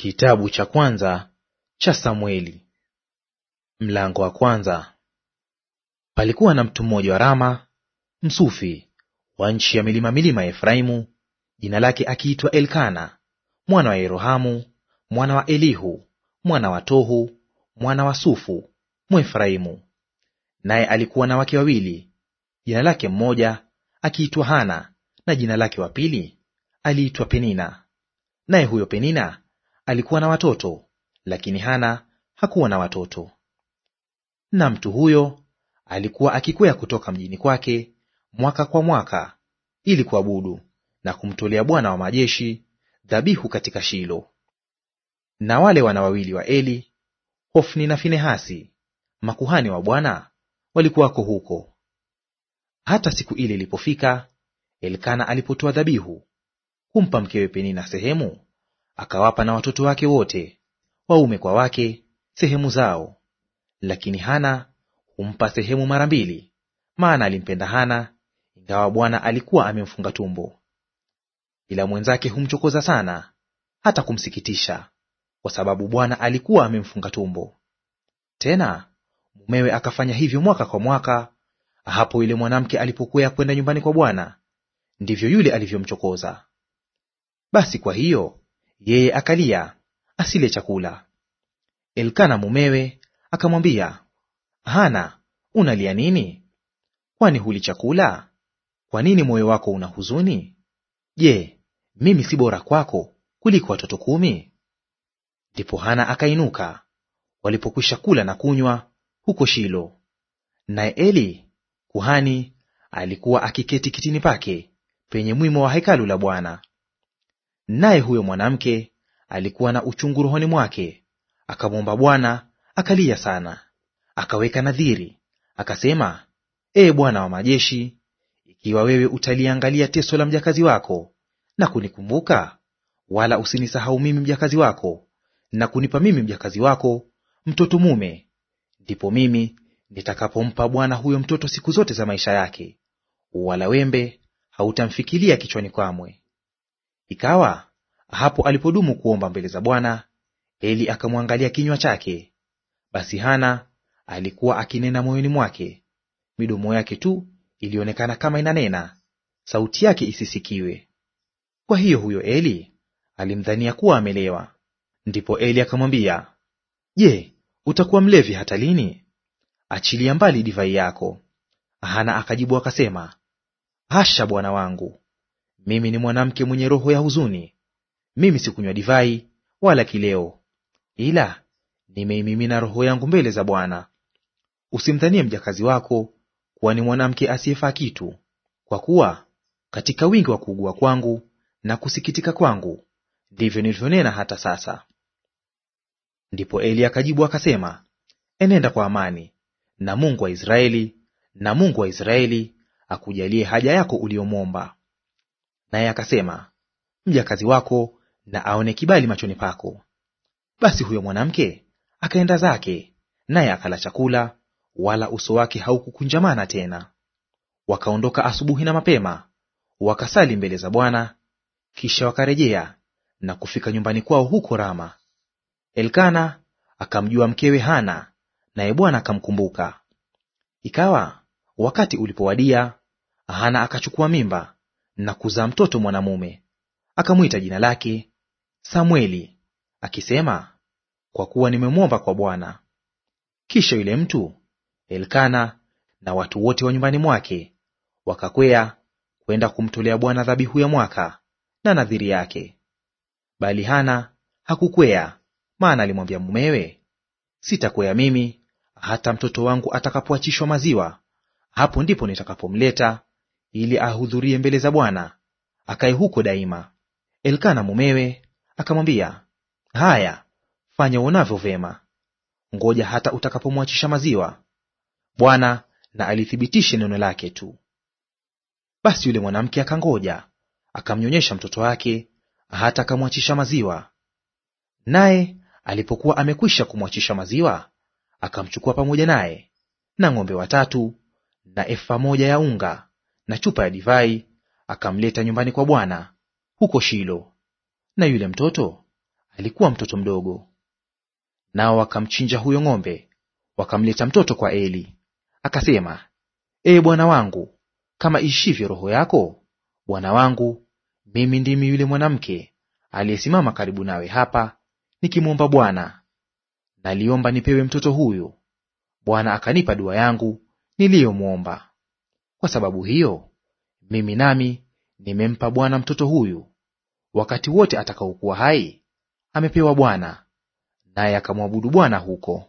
Kitabu cha kwanza cha Samueli mlango wa kwanza. Palikuwa na mtu mmoja wa Rama msufi wa nchi ya milima milima ya Efraimu, jina lake akiitwa Elkana mwana wa Yerohamu mwana wa Elihu mwana wa Tohu mwana wa Sufu Mwefraimu. Naye alikuwa na wake wawili, jina lake mmoja akiitwa Hana na jina lake wa pili aliitwa Penina. Naye huyo Penina alikuwa na watoto, lakini Hana hakuwa na watoto. Na mtu huyo alikuwa akikwea kutoka mjini kwake mwaka kwa mwaka ili kuabudu na kumtolea Bwana wa majeshi dhabihu katika Shilo. Na wale wana wawili wa Eli, Hofni na Finehasi, makuhani wa Bwana, walikuwako huko. Hata siku ile ilipofika, Elkana alipotoa dhabihu kumpa mkewe Penina sehemu, akawapa na watoto wake wote waume kwa wake sehemu zao. Lakini Hana humpa sehemu mara mbili, maana alimpenda Hana, ingawa Bwana alikuwa amemfunga tumbo. Ila mwenzake humchokoza sana, hata kumsikitisha, kwa sababu Bwana alikuwa amemfunga tumbo. Tena mumewe akafanya hivyo mwaka kwa mwaka, hapo yule mwanamke alipokwea kwenda nyumbani kwa Bwana, ndivyo yule alivyomchokoza. Basi kwa hiyo yeye akalia asile chakula. Elkana mumewe akamwambia, Hana, unalia nini? Kwani huli chakula? Kwa nini moyo wako una huzuni? Je, mimi si bora kwako kuliko watoto kumi? Ndipo Hana akainuka walipokwisha kula na kunywa huko Shilo, naye Eli kuhani alikuwa akiketi kitini pake penye mwimo wa hekalu la Bwana. Naye huyo mwanamke alikuwa na uchungu rohoni mwake, akamwomba Bwana akalia sana. Akaweka nadhiri akasema, Ee Bwana wa majeshi, ikiwa wewe utaliangalia teso la mjakazi wako na kunikumbuka, wala usinisahau mimi mjakazi wako, na kunipa mimi mjakazi wako mtoto mume, ndipo mimi nitakapompa Bwana huyo mtoto siku zote za maisha yake, wala wembe hautamfikilia kichwani kwamwe. Ikawa hapo alipodumu kuomba mbele za Bwana, Eli akamwangalia kinywa chake. Basi Hana alikuwa akinena moyoni mwake, midomo yake tu ilionekana kama inanena, sauti yake isisikiwe. Kwa hiyo huyo Eli alimdhania kuwa amelewa. Ndipo Eli akamwambia, Je, utakuwa mlevi hata lini? Achilia mbali divai yako. Hana akajibu akasema, Hasha, bwana wangu, mimi ni mwanamke mwenye roho ya huzuni, mimi sikunywa divai wala kileo, ila nimeimimina roho yangu mbele za Bwana. Usimdhanie mjakazi wako kuwa ni mwanamke asiyefaa kitu, kwa kuwa katika wingi wa kuugua kwangu na kusikitika kwangu ndivyo nilivyonena hata sasa. Ndipo Eli akajibu akasema, enenda kwa amani, na Mungu wa Israeli, na Mungu wa Israeli akujalie haja yako uliyomwomba. Naye akasema, mjakazi wako na aone kibali machoni pako. Basi huyo mwanamke akaenda zake, naye akala chakula, wala uso wake haukukunjamana tena. Wakaondoka asubuhi na mapema, wakasali mbele za Bwana, kisha wakarejea na kufika nyumbani kwao huko Rama. Elkana akamjua mkewe Hana, naye Bwana akamkumbuka. Ikawa wakati ulipowadia, Hana akachukua mimba, na kuzaa mtoto mwanamume, akamwita jina lake Samweli, akisema, kwa kuwa nimemwomba kwa Bwana. Kisha yule mtu Elkana na watu wote wa nyumbani mwake wakakwea kwenda kumtolea Bwana dhabihu ya mwaka na nadhiri yake. Bali Hana hakukwea, maana alimwambia mumewe, sitakwea mimi hata mtoto wangu atakapoachishwa maziwa; hapo ndipo nitakapomleta ili ahudhurie mbele za Bwana, akae huko daima. Elkana mumewe akamwambia, haya, fanya uonavyo vema ngoja hata utakapomwachisha maziwa, Bwana na alithibitishe neno lake tu. Basi yule mwanamke akangoja, akamnyonyesha mtoto wake hata akamwachisha maziwa. Naye alipokuwa amekwisha kumwachisha maziwa, akamchukua pamoja naye na ng'ombe watatu na efa moja ya unga na chupa ya divai, akamleta nyumbani kwa Bwana huko Shilo. Na yule mtoto alikuwa mtoto mdogo. Nao wakamchinja huyo ng'ombe, wakamleta mtoto kwa Eli. Akasema, Ee Bwana wangu, kama ishivyo roho yako, bwana wangu, mimi ndimi yule mwanamke aliyesimama karibu nawe hapa nikimwomba Bwana. Naliomba nipewe mtoto huyu. Bwana akanipa dua yangu niliyomwomba. Kwa sababu hiyo mimi nami nimempa Bwana mtoto huyu; wakati wote atakaokuwa hai amepewa Bwana, naye akamwabudu Bwana huko.